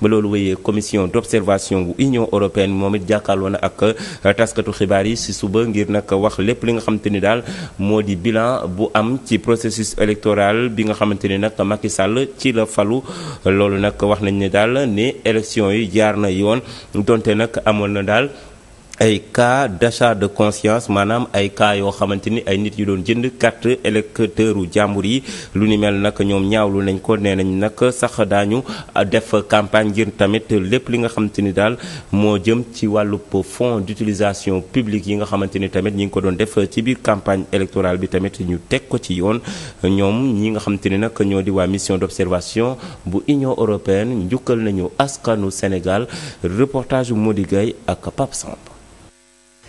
ba loolu wéyee commission d'observation bu Union européenne moom it jàkkaarloo na ak euh, taskatu xibaar yi ci suba ngir nag wax lépp li nga xamante ni daal moo di bilan bu am ci processus électoral bi nga xamante ni nag Macky Sall ci la falu loolu nag wax nañ ne daal ni élection yi jaar na yoon donte nag amoon na daal ay cas d'achat de conscience maanaam ay cas yoo xamante ni ay nit yu doon jënd carte électeur u jàmbur yi lu ni mel nag ñoom ñaawlu nañ ko nee nañ nag sax daañu def campagne ngir tamit lépp li nga xamante ni daal moo jëm ci wàllu fonds d'utilisation publique yi nga xamante ni tamit ñi ngi ko doon def ci biir campagne électorale bi tamit ñu teg ko ci yoon ñoom ñi nga xamante ni nag ñoo di waa mission d'observation bu Union européenne njukkal nañu askanu Sénégal reportage Mody Gueye ak Pape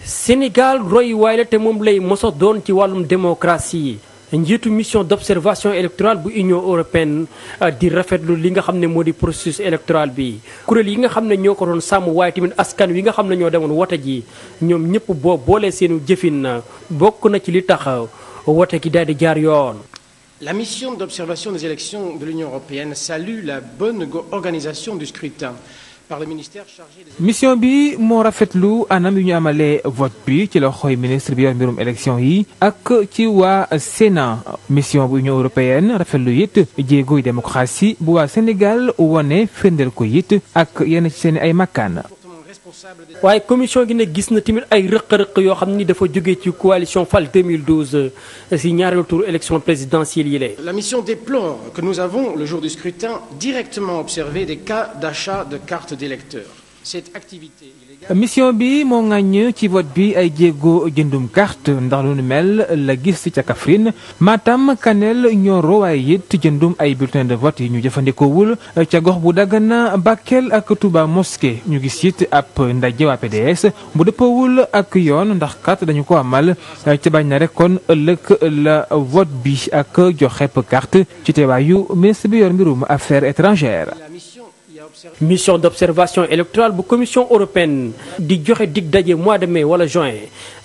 Sénégal waaye la te moom lay moso doon ci wàllum démocratie njiitu mission d'observation électorale bu Union européenne euh, di rafetlu li nga xam ne moo di processus électoral bi kuréel yi nga xam ne ñoo ko doon sàmm waaye tamit askan wi nga xam ne ñoo demoon wote ji ñoom ñëpp boo boolee seenu jëfin bokk na ci li tax wote gi daal di jaar yoon. La mission d'observation des élections de l'Union européenne salue la bonne organisation du scrutin. par le ministère chargé des mission bi moo rafetlu anam yu ñu amalee vote bi ci loxoy ministre bi yor mbirum élection yi ak ci waa Sénat mission bu Union européenne rafetlu it jéegoy démocratie bu waa Sénégal wone firndeel ko it ak yenn ci seen ay makkaan. waaye commission gi nag gis na tamit ay rëq-rëq yoo xam ni dafa jógee ci coalition FAL 2012 euh, si ñaareelu tour élection la mission déplore que nous avons le jour du scrutin directement observé des cas d'achat de cartes d'électeurs cette activité mission bi moo ŋàññ ci vote bi ay jéego jëndum carte ndax lu nu mel la gis ca Kaffrine maatam Kanel Nioro waaye it jëndum ay bulletin de vote yi ñu jëfandikoowul ca gox bu Dagana Bakel ak Touba Mosquée ñu gis it ab ndaje waa PDS bu dëppawul ak yoon ndax kat dañu ko amal ca bañ na rek kon ëllëg la vote bi ak joxepp carte ci teewaayu ministre bi yor mbirum affaires étrangères mission d'observation électorale bu commission européenne di joxe dig daje mois de mais wala juin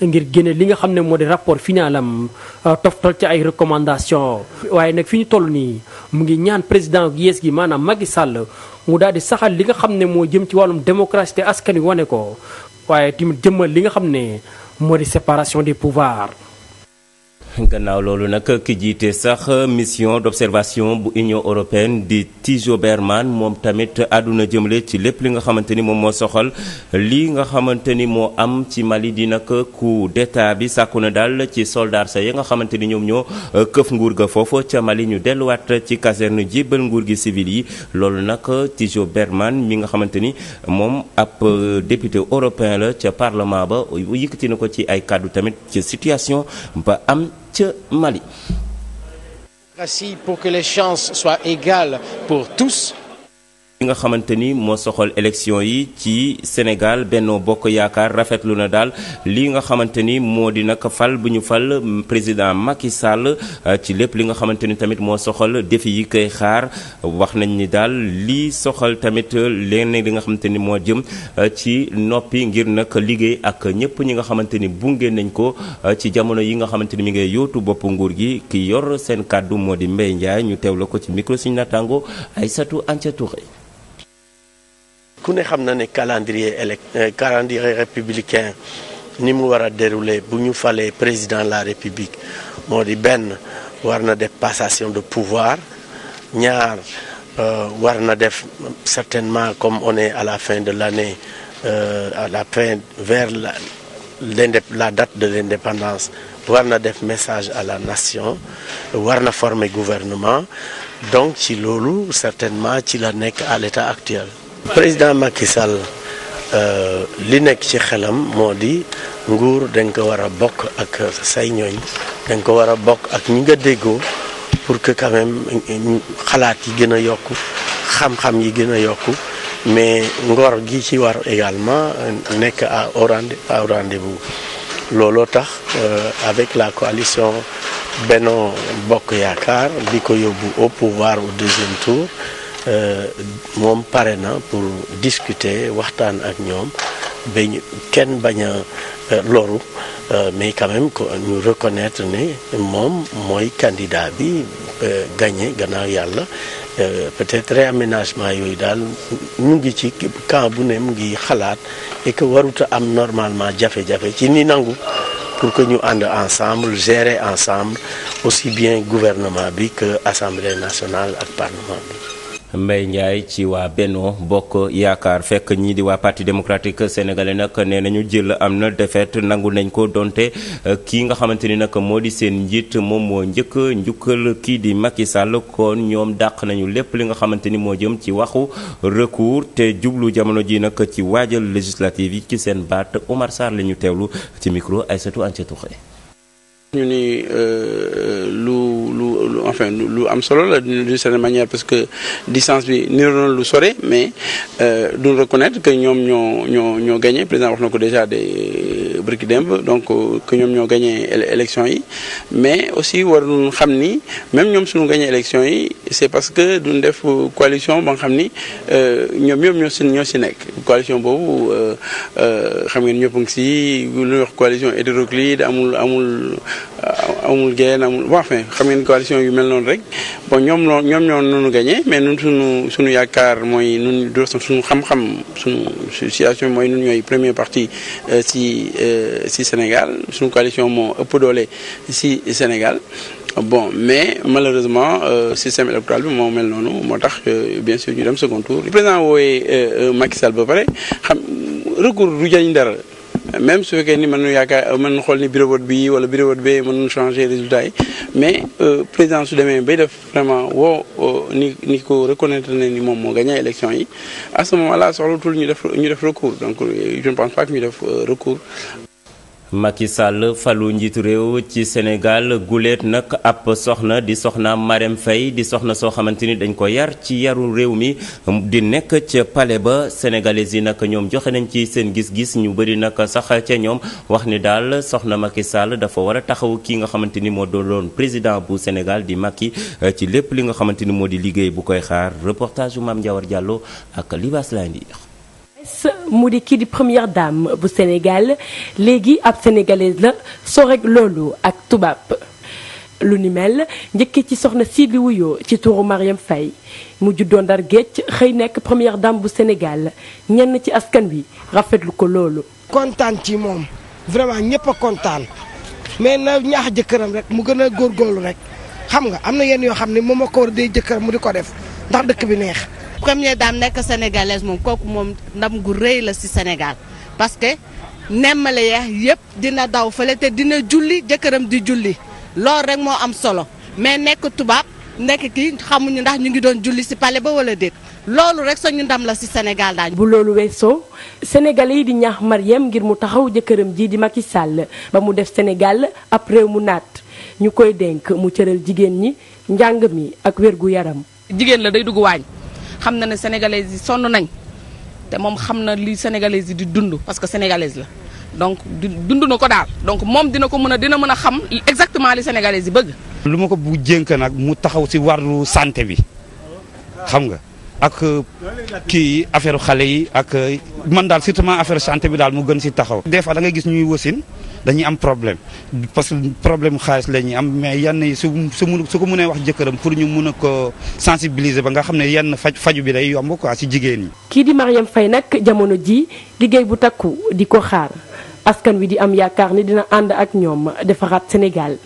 ngir génne li nga xam ne moo di rapport finalam euh, toftal ci ay recommandations. waaye nag fi ñu toll nii mu ngi ñaan président yees gi maanaam Macky Sall mu daal di saxal li nga xam ne moo jëm ci wàllum démocratie te askan wi wane ko waaye mu jëmmal li nga xam ne moo di séparation des pouvoirs. gannaaw loolu nag ki jiite sax mission d'observation bu Union européenne di Tijo Berman moom tamit àdduna jëmale ci lépp li nga xamante ni moom moo soxal lii nga xamante ni moo am ci Mali di nag ku d'état bi sàkku na daal ci soldat sa yi nga xamante ni ñoom ñoo këf nguur ga foofu ca Mali ñu delluwaat ci caserne jibal nguur gi civil yi loolu nag Tijo Berman mi nga xamante ni moom ab député européen la ca parlement ba yëkkati na ko ci ay kàddu tamit ci situation ca Mali. Pour que les chances soient égales pour tous. li nga xamante ni moo soxal élection yi ci Sénégal Benno Bokk Yaakaar rafetlu na daal li nga xamante ni moo di nag fal bu ñu fal président Macky Sall euh, ci lépp li nga xamante ni tamit moo soxal défi yi koy xaar wax nañ ni daal li soxal tamit leneen li nga xamante ni moo jëm euh, ci noppi ngir nag liggéey ak ñëpp ñi nga xamante ni bunge nañ ko euh, ci jamono yi nga xamante ni mi ngay yootu bopp nguur gi ki yor seen kàddu moo di Mbaye Ndiaye ñu teew la ko ci micro suñu naataango Aïssatou Anca Touré ku ne xam na ne calendrier élect euh, calendrier républicain ni mu war a dérouler bu ñu falee président la république moo di benn war na def passation de pouvoir ñaar euh, war na def certainement comme on est à la fin de l'année euh, à la fin vers la la date de l'indépendance war na def message à la nation war na former gouvernement donc ci loolu certainement ci la nekk à l'état actuel président Macky Sall euh, li nekk ci xelam moo di nguur dañ ko war a bokk ak say ñooñ dañ ko war a bokk ak ñi nga déggoo pour que quand même xalaat yi gën a yokku xam-xam yi gën a yokku mais ngor gi ci war également nekk à au rendez-vous looloo tax euh, avec la coalition Benno Bokk Yaakaar di ko yóbbu au pouvoir au deuxième tour Euh, moom pare na pour discuter waxtaan ak ñoom ba kenn bañ a euh, loru euh, mais quand même que ñu reconnaître ne moom mooy candidat bi gagné gannaaw yàlla peut-être réaménagement yooyu daal mu ngi ci camp bu ne mu ngi xalaat et que waruta am normalement jafe-jafe ci ni nangu pour que ñu ànd ensemble gérer ensemble aussi bien gouvernement bi que assemblée nationale ak parlement bi mbay Ndiaye ci waa bennoo Bokk Yaakaar fekk ñii di waa parti démocratique sénégalais nag nee nañu jël am na défaite nangu nañ ko donte euh, kii nga xamante ni nag moo di seen njiit moom moo njëkk njukkal kii di Macky Sall kon ñoom dàq nañu lépp li nga xamante ni moo jëm ci waxu recours te jublu jamono ji nag ci waajal législative yi ci seen baat Omar Sarr la ñu teewlu ci micro Aïssatou Anthia Touré ñu ni euh, euh, lu lu lu enfin lu am solo la d'une certaine manière parce que distance bi niroo na lu sore mais euh, duñ reconnaître que ñoom ñoo ñoo ñoo gagné président wax na ko déjà des bërki démb donc que ñoom ñoo gagné yi mais aussi war xam ni même ñoom suñu gañee élection yi c'est parce que duñ def coalition ba nga xam ni ñoom ñoom ñoo si ñoo si nekk coalition boobu xam ngeen ñëpp ngi si lu ñuy wax coalition hétéroclite amul amul Euh, amul génn amul bon enfin xam ngeen coalition yu mel noonu rek bon ñoom loo ñoom ñoo nunu gagné mais nun suñu suñu yaakaar mooy nun do suñu xam-xam suñu situation mooy nun ñooy premier parti euh, si euh, si Sénégal suñu coalition moo ëpp doole si Sénégal bon mais malheureusement système électoral bi moo mel noonu moo tax bien sûr ñu dem second tour président wooyee Macky Sall ba pare xam recours du jëriñ dara même su fekkee ni mën nu yaakaar mën nañu xool ni bureau vote bii wala bureau bee mën nañu changer résultat yi mais euh, président su demee bay def vraiment woo euh, ni ni ko reconnaître na ni moom moo gagné élection yi à ce moment là soxlatul ñu def ñu def recours donc euh, je ne pense pas que ñu def recours Macky sàll falu njiitu réew ci Sénégal guléet nag ab soxna di soxna Marème Faye di soxna soo xamante ni dañ ko yar ci yaru réew mi di nekk ca pale ba sénégalais yi nag ñoom joxe nañ ci seen gis-gis ñu bëri nag sax ca ñoom wax ni daal soxna Macky Sall dafa war a taxaw kii nga xamante ni moo doon président bu Sénégal di Macky ci lépp li nga xamante ni moo di liggéey bu koy xaar reportage bu Mame Ndiawar Diallo ak Libas Landi bees mu di kii di première dame bu Sénégal léegi ab sénégalaise la soo rek loolu ak tubaab lu ni mel njëkkee ci soxna sii di ci turu Mariam fay mu doon Ndar Géej xëy nekk première dame bu Sénégal ñenn ci askan wi rafetlu ko loolu. kontaan ci moom vraiment ñëpp a kontaan mais na ñaax jëkkëram rek mu gën a góorgóorlu rek xam nga am na yenn yoo xam ne moom ma ko war a dee jëkkëram mu di ko def ndax dëkk bi neex. première dame nekk sénégalaise moom kooku moom ndam gu rëy la si senegal parce que nemmale yeex yëpp dina daw fële te dina julli jëkkëram di julli loolu rek moo am solo mais nekk tubaab nekk ki xamuñu ndax ñu ngi doon julli si pale ba wala déet loolu rek sañu ndam la si Sénégal daal. bu loolu weesoo sénégalais yi di ñaax Mariam ngir mu taxaw jëkkëram ji di Macky Sall ba mu def Sénégal ab réew mu naat ñu koy dénk mu cëral jigéen ñi njàng mi ak wér gu yaram. jigéen la day dugg xam na ne sénégalais yi sonn nañ te moom xam na li sénégalais yi di dund parce que sénégalaise la donc dund na ko daal donc moom dina ko mën a dina mën a xam exactement li sénégalais yi bëgg. lu ma ko bu jénk nag mu taxaw si wàllu santé bi xam nga. ak euh, kii affaire xale yi ak euh, man daal surtout affaire santé bi daal mu gën si taxaw. des fois da ngay gis ñuy wasin dañuy am problème parce que problème xaalis lañuy am mais yenn yi su su su ko mënee wax jëkkëram pour ñu mun a ko sensibiliser ba nga xam ne yenn faj faju bi day yomb quoi si jigéen ñi. kii di Mariam Faye nag jamono ji liggéey bu takku di ko xaar askan wi di am yaakaar ni dina ànd ak ñoom defaraat Sénégal.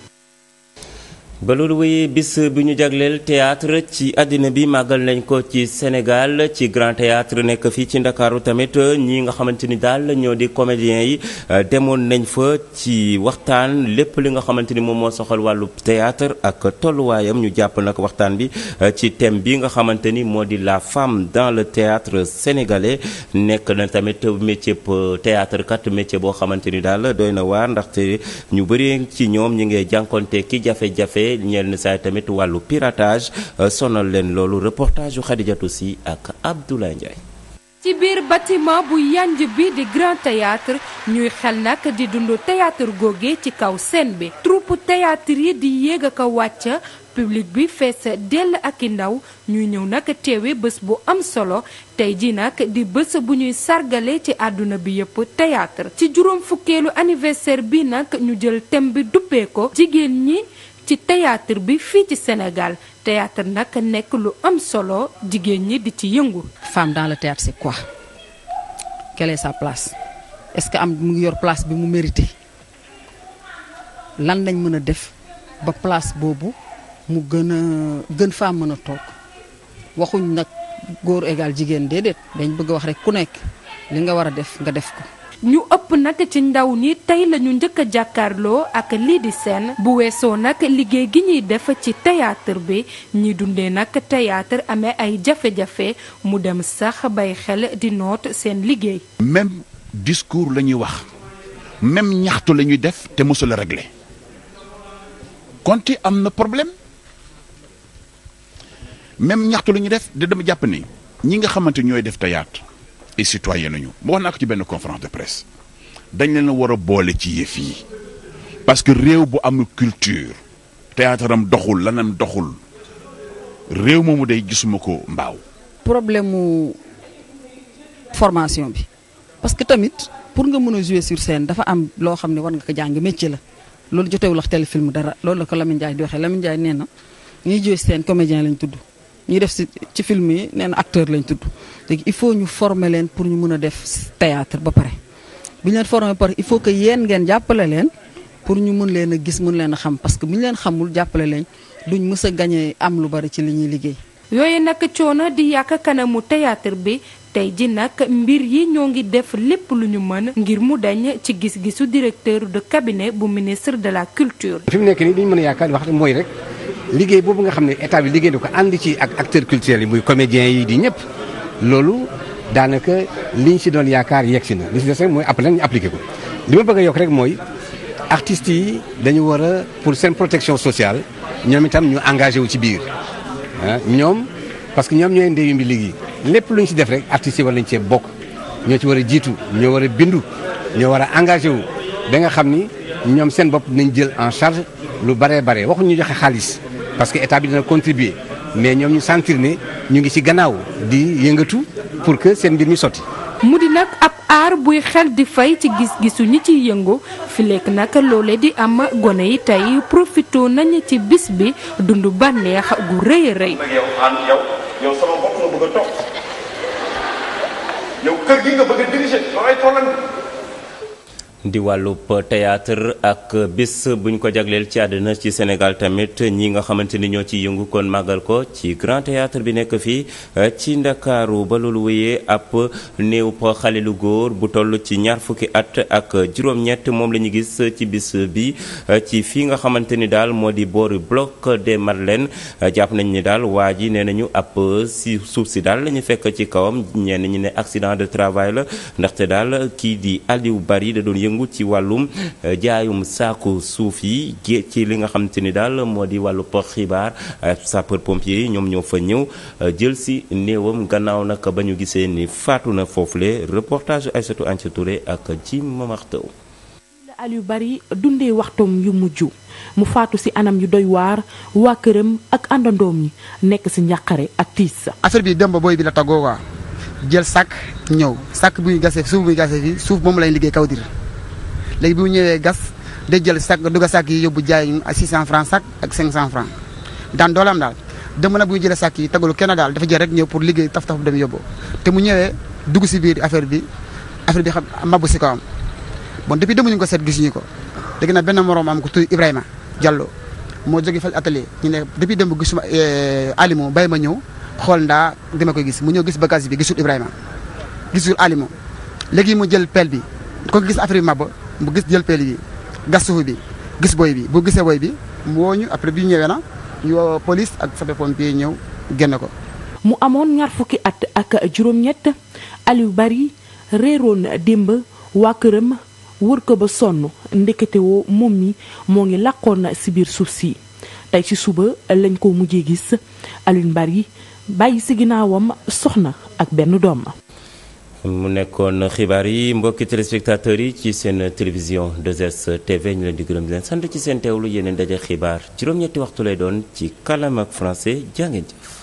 ba loolu wéyee bis bi ñu jagleel théâtre ci àddina bi màggal nañ ko ci Sénégal ci Grand Théâtre nekk fii ci Ndakaaru tamit ñi nga xamante ni daal ñoo di comédiens yi euh, demoon nañ fa ci waxtaan lépp li nga xamante ni moom moo soxal wàllu théâtre ak tolluwaayam ñu jàpp nak waxtaan bi euh, ci thème bi nga xamante ni moo di la femme dans le théâtre sénégalais nekk na tamit métier théâtre kat métier boo xamante ni daal doy na waar ndaxte ñu bëri ci ñoom ñi ngay jànkonte ki jafe-jafe waaye ñeel ni saay tamit wàllu piratage euh, sonal leen loolu reportage yu Xadijatu Si ak Abdoulaye Ndiaye. ci biir bâtiment bu yanj bi di grand théâtre ñuy xel nak di dund théâtre googee ci kaw scène bi troupe théâtre yi di yéeg a ko wàcc public bi fees dell ak i ndaw ñuy ñëw nag teewe bés bu am solo tey ji nag di bés bu ñuy sargale ci àdduna bi yépp théâtre ci juróom fukkeelu anniversaire bi nag ñu jël thème bi duppee ko jigéen ñi ci théâtre bi fii ci Sénégal théâtre nag nekk lu am solo jigéen ñi di ci yëngu. femme dans le théâtre c'est quoi quelle sa place est-ce que am mu ngi yor place bi mu mérité lan lañ mën a def ba place boobu mu gën a gën faa mën a toog waxuñ nag góor égal jigéen déedéet dañ bëgg a wax rek ku nekk li nga war a def nga def ko. ñu ëpp nag ci ndaw ñi tey lañu ñu njëkk a jàkkaarloo ak lii di seen bu weesoo nag liggéey gi ñuy def ci théâtre bi ñi dundee nag théâtre amee ay jafe-jafe mu dem sax bay xel di noot seen liggéey. même discours lañuy wax même ñaxtu la ñuy def te mësula a réglé konti am na problème même ñaxtu lañuy ñuy def da dama jàpp ne ñi nga xamante ñooy def théâtre ay citoyen nañu mu wax naa ko ci benn conférence de presse dañ leen a war a boole ci yëf yi parce que réew bu amul culture théâtre am doxul lanam doxul réew moomu day gisuma ko mbaaw problème mu formation bi parce que tamit pour nga mën a jouer sur scène dafa am loo xam ne war nga ko jàng métier la loolu jotewul ak téléfilm dara loolu la ko Lamine Ndiaye di waxee Lamine Ndiaye nee na ñuy jouer scène comédien lañ tudd ñu def si ci film yi nee na acteur lañ tudd léegi il faut ñu former leen pour ñu mën a def théâtre ba pare bu ñu leen former ba pare il faut que yéen ngeen jàppale leen pour ñu mën leen a gis mën leen a xam parce que bu ñu leen xamul jàppale leen duñ mës a gañee am lu bari ci li ñuy liggéey. yooyu nag coono di yàq kanamu théâtre bi tey ji nag mbir yi ñoo ngi def lépp lu ñu mën ngir mu dañ ci gis-gisu directeur de cabinet bu ministre de la culture. fi mu nekk li ñu mën a yaakaar wax mooy rek. liggéey boobu nga xam ne état bi liggéey na ko ànd ci ak acteurs culturels yi muy comédiens yi di ñëpp loolu daanaka liñ si doon yaakaar yegg si na li si des rek mooy après ñu appliqué li ma bëgg a yokk rek mooy artistes yi dañu war a pour seen protection sociale ñoom itam ñu engagé wu ci biir ah ñoom parce que ñoom ñooy ndeyu mbi liggéey lépp lu ñu si def rek artistes yi war nañ cee bokk ñoo ci war a jiitu ñoo war a bindu ñoo war a engagé wu ba nga xam ni ñoom seen bopp nañ jël en charge lu baree bare waxuñu joxe xaalis parce que état bi dina contribuer mais ñoom ñu sentir ne ñu ngi ci gannaaw di yëngatu pour que seen mbir mi sotti. mu di nag ab aar buy xel di fay ci gis-gisu ñi ciy yëngu fi lekk nag loole di am gone yi tey profito nañu ci bis bi dund bànneex gu rëy a rëy. di wàllub théâtre ak bis buñ ko jagleel ci àddina ci Sénégal tamit ñi nga xamante ni ñoo ci yëngu kon màggal ko ci grand théâtre bi nekk fii eh, ci ndakaaru ba loolu wéyee ab néew xale lu góor bu toll ci ñaar fukki at ak juróom-ñett moom la ñu gis ci bis bi eh, ci fii nga xamante ni daal moo di boori bloc des Madeleines eh, jàpp nañ ni daal waa ji nee nañu ab si suuf si daal la ñu fekk ci kawam ñenn ñi ne accident de travail la ndaxte daal kii di Aliou Bari yëngu ci wàllum euh, jaayum saaku suuf yi ci li nga xamante ni daal moo di wàllu port xibaar sapeur pompier yi ñoom ñëw fa ñëw euh, jël si néewam gannaaw nag ba ñu gisee ni faatu na foofule reportage Aïssatou Anca Touré ak ci Mamar Taw Aliou Bari dundee waxtoom yu mujj mu faatu ci anam yu doy waar waa këram ak àndandoom yi nekk ci njàqare ak tiis. affaire bi demba booy bi la tàggoo waa jël sàkk ñëw sàkk bu gasee suuf bu ñu gasee fii suuf moom lay liggéey kaw léegi bi mu ñëwee gas day jël sac dugg sac yi yóbbu jaay ñu 600 francs sac ak 500 francs daan dooleem daal dem na bu ñu jëlee sac yi tegalu kenn dafa jël rek ñëw pour liggéey taf taf dem yóbbu te mu ñëwee dugg si biir affaire bi affaire bi xam mabbu si kawam bon depuis demuñu ko seet gisuñu ko dégg na benn moroom am ko tudd Ibrahima Diallo moo jóge fal atelier ñu ne depuis démb gisuma eh, Alimo bàyyi ma ñëw xool ndaa dama koy gis mu ñëw gis bagage bi gisul Ibrahima gisul Alimo léegi mu jël pelle bi ko gis affaire bi mabba mu gis jël peel bi gas suuf bi gis booy bi bu gisee booy bi mu woo ñu après bi na ñu woo police ak sapé pompier ñëw génne ko. mu amoon ñaar fukki at ak juróom-ñett Aliou Bari réeroon démb waa këram wër ko ba sonn ndeketewoo moom mi moo ngi làqoon si biir suuf si tey ci suba lañ ko mujjee gis Aliou Bari bàyyi si ginnaawam soxna ak benn doom. mu nekkoon xibaar yi mbokki téléspectateurs yi ci seen télévision 2S TV ñu leen di gërëm sant ci seen teewlu yeneen daje xibaar juróom-ñetti waxtu lay doon ci kalam ak français jaa ngeen